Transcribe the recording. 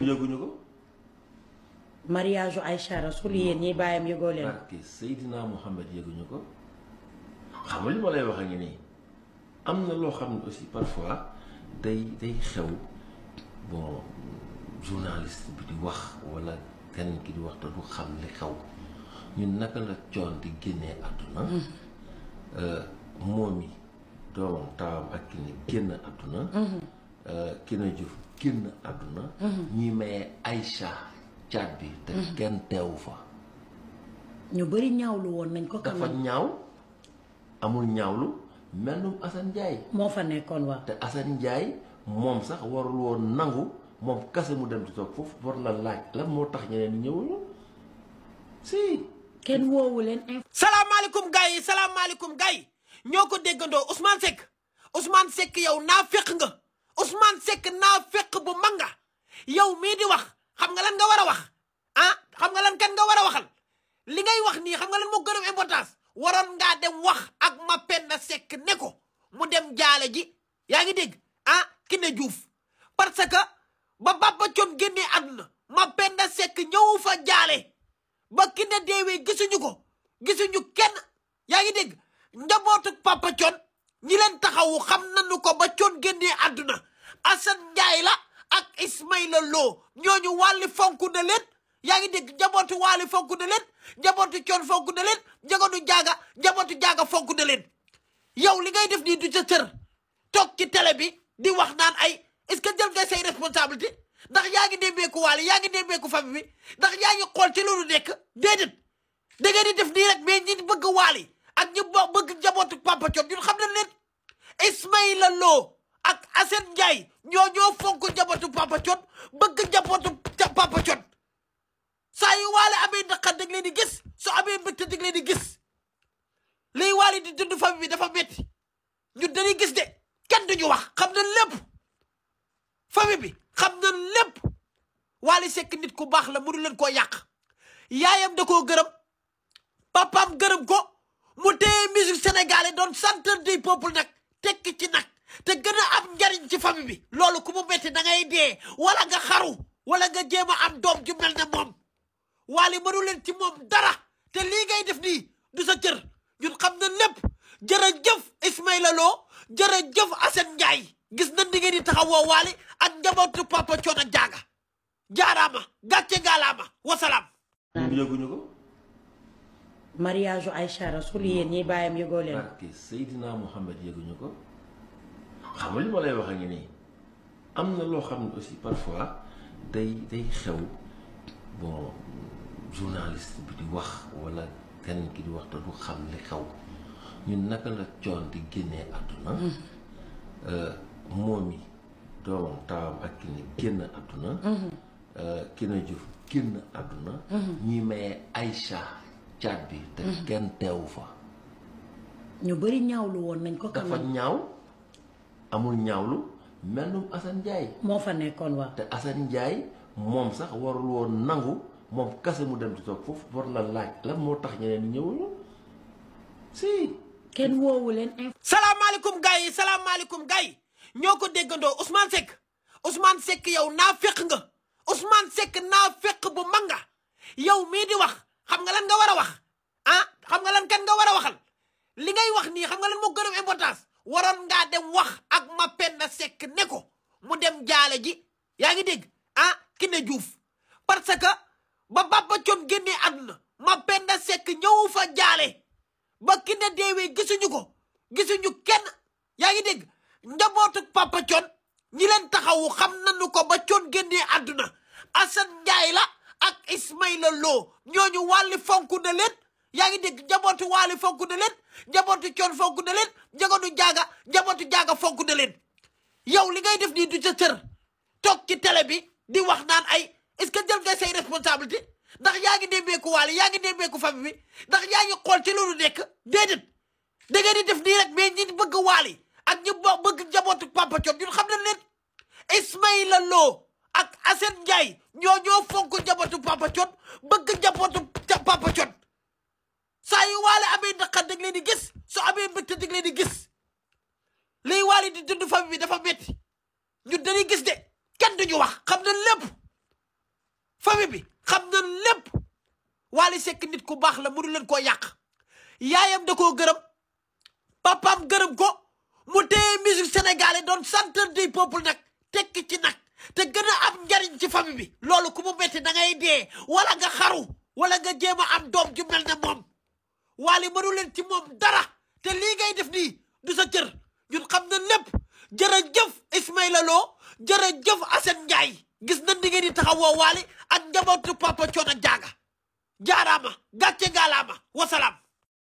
ñun ay ko. mariage u Aïcha Rasoul yéen ñi bàyyam yëgoo leen. parce que Mohamed yëguñu ko xam nga li ma lay wax a ngi nii am na loo xam ne aussi parfois day day xew bon journaliste bi di wax wala keneen ki di wax te du xam ne xew ñun naka la coon di génnee àdduna. Mm. Euh, moom yi doomam taawam ak ki ne génn àdduna. Mm-hmm. Euh, ki ne jur. génn àdduna mhm. ñi mayee Aïcha caat bi te mhm. kenn teewu fa ñu bari ñaawlu woon nañ ko dafa ñaaw amul ñaawlu melnum Assane Ndiaye moo fa nekkoon waaw te Assane moom sax warul woon nangu moom kase mu dem di toog foofu war la laaj lan moo tax ñeneen ñi ñëwuñu si kenn woowu leen salaamaaleykum gars yi salaamaaleykum gars yi ñoo ko déggandoo Ousmane Seck Ousmane Seck yow naa féq nga Ousmane Seck naa fekk bu mag nga yow mii di wax xam nga lan nga war a wax ah xam nga lan kan nga war a waxal li ngay wax nii xam nga lan moo gën a importance waroon ngaa dem wax ak ma na sekk ne ko mu dem jaale ji yaa ngi dégg ah ki ne Juuf parce que ba Baba Thione génnee àdduna ma na sekk ñëw fa jaale ba ki ne deewee gisuñu ko gisuñu kenn yaa ngi dégg njabootu Papa Thione ñi leen taxawu xam nañu ko ba Thione génnee àdduna Assane Ndiaye la ak Ismaïla Lo ñooñu wàlli fonku na leen yaa ngi dégg njabootu wàlli fonku na leen njabootu coon fonku na leen njabootu jaaga njabootu jaaga fonku li ngay def nii du ca cër toog ci télé bi di wax naan ay est-ce que jël nga say responsabilité ndax yaa ngi nemmeeku waale yaa ngi nemmeeku famille bi ndax yaa ngi xool ci loolu nekk déedéet da ngeen di def nii rek mais ñi bëgg waali ak ñi bëgg njabootu Papa Thione ñun xam nañ leen Assane Ndiaye ñoo ñoo fonk njabootu Papa Thione bëgg njabootu Papa Thione saa yu waale amee naqar da nga leen di gis soo amee mbégte da nga leen di gis liy waale di dund famille bi dafa metti ñun dañuy gis de kenn duñu wax xam na lépp famille bi xam na lépp Wally sekk nit ku baax la mënu leen koo yàq yaayam da koo gërëm papaam gërëm ko mu téye musique sénégalais doon centre du peuple nag tekki ci nag te gën a am njariñ ci famille bi loolu ku mu metti dangay ngay dee wala nga xaru wala nga jéem a am doom ju mel ne moom waali mënu leen ci moom dara te lii ngay def nii du sa cër ñun xam na lépp jërëjëf Ismaïla Lo jërëjëf Assane Ndiaye gis nañ ni ngeen di taxawoo waali ak njabootu papa Thione Diaga jaaraama gàcce gaalaama wasalaam. yëguñu ko. mariage Aïcha Rasoul yéen bàyyam yëgoo leen. xam nga li ma lay wax a ngi nii am na loo xam ne aussi parfois day day xew bon journaliste bi di wax walla kenn ki di wax te du xam ne xew ñun naka la coon di génnee àdduna hmm. euh, moom yi doomam taawam ak ki ne génn àdduna hmm. euh, ki na jëf génn àdduna hmm. ñuy mayee Aïcha caat bi te kenn fa ñu bari ñaawlu woon nañ ko dafa ñaaw amul ñaawlu melnum Assane Ndiaye. moo fa nekkoon waaw. te Assane Ndiaye moom sax warul nangu moom kese mu dem di toog foofu war la laaj lan moo tax ñeneen ñëwuñu si. kenn woowu leen. salaamaaleykum gars yi salaamaaleykum gars yi ñoo ko déggandoo Ousmane Seck Ousmane sekk yow naa fekk nga Ousmane Seck naa fekk bu mag nga yow mii di wax xam nga lan nga war a wax ah xam nga lan kan nga war a waxal li ngay wax nii xam nga lan moo gën a importance. waroon ngaa dem wax ak ma penna sekk ne ko mu dem jaale ji yaa ngi dégg ah Kiné Juuf parce que ba Baba Thione génnee àdduna ma penna sekk ñëw fa jaale ba Kiné deewee gisuñu ko gisuñu kenn yaa ngi dégg njabootu Papa Thione taxawu xam nañu ko ba Thione génnee àdduna Assane Ndiaye la ak Ismaïla Lo ñooñu wàlli fonku na leen yaa ngi dégg njabootu waali fonk na leen njabootu coon fonk na leen njabootu jaaga njabootu jaaga fonk na leen yow li ngay def nii du ca cër toog ci télé bi di wax naan ay est-ce que jël nga say responsabilité ndax yaa ngi nemmeeku waali yaa ngi nemmeeku famille bi ndax yaa ngi xool ci loolu nekk déedéet da ngeen def nii rek mais ñi bëgg waali ak ñi bëgg njabootu papa coon ñun xam na leen Ismaïla Lo ak Assane Ndiaye ñoo ñoo fonk njabootu papa coon bëgg njabootu papa coon saa yu waale amee naqar dag leen di gis su amee mbégte dag leen di gis liy waale di dund famille bi dafa metti ñu dañuy gis de kenn duñu wax xam na lépp famille bi xam na lépp waale sekk nit ku baax la mënu leen koo yàq yaayam da koo gërëm papaam gërëm ko mu téye musique sénégalais doon centre du peuple nag tekki ci nag te gën a am njariñ ci famille bi loolu ku mu metti da ngay dee wala nga xaru wala nga jéem a am doom ju mel ne moom waali mënu leen ci moom dara te lii ngay def nii du sa cër ñun xam na lépp jërëjëf Ismaïla Lo jërëjëf Assane Ndiaye gis nañ ni ngeen di taxawoo waali ak njabootu papa coono jaaga jaaraama gàcce gaalaama wasalaam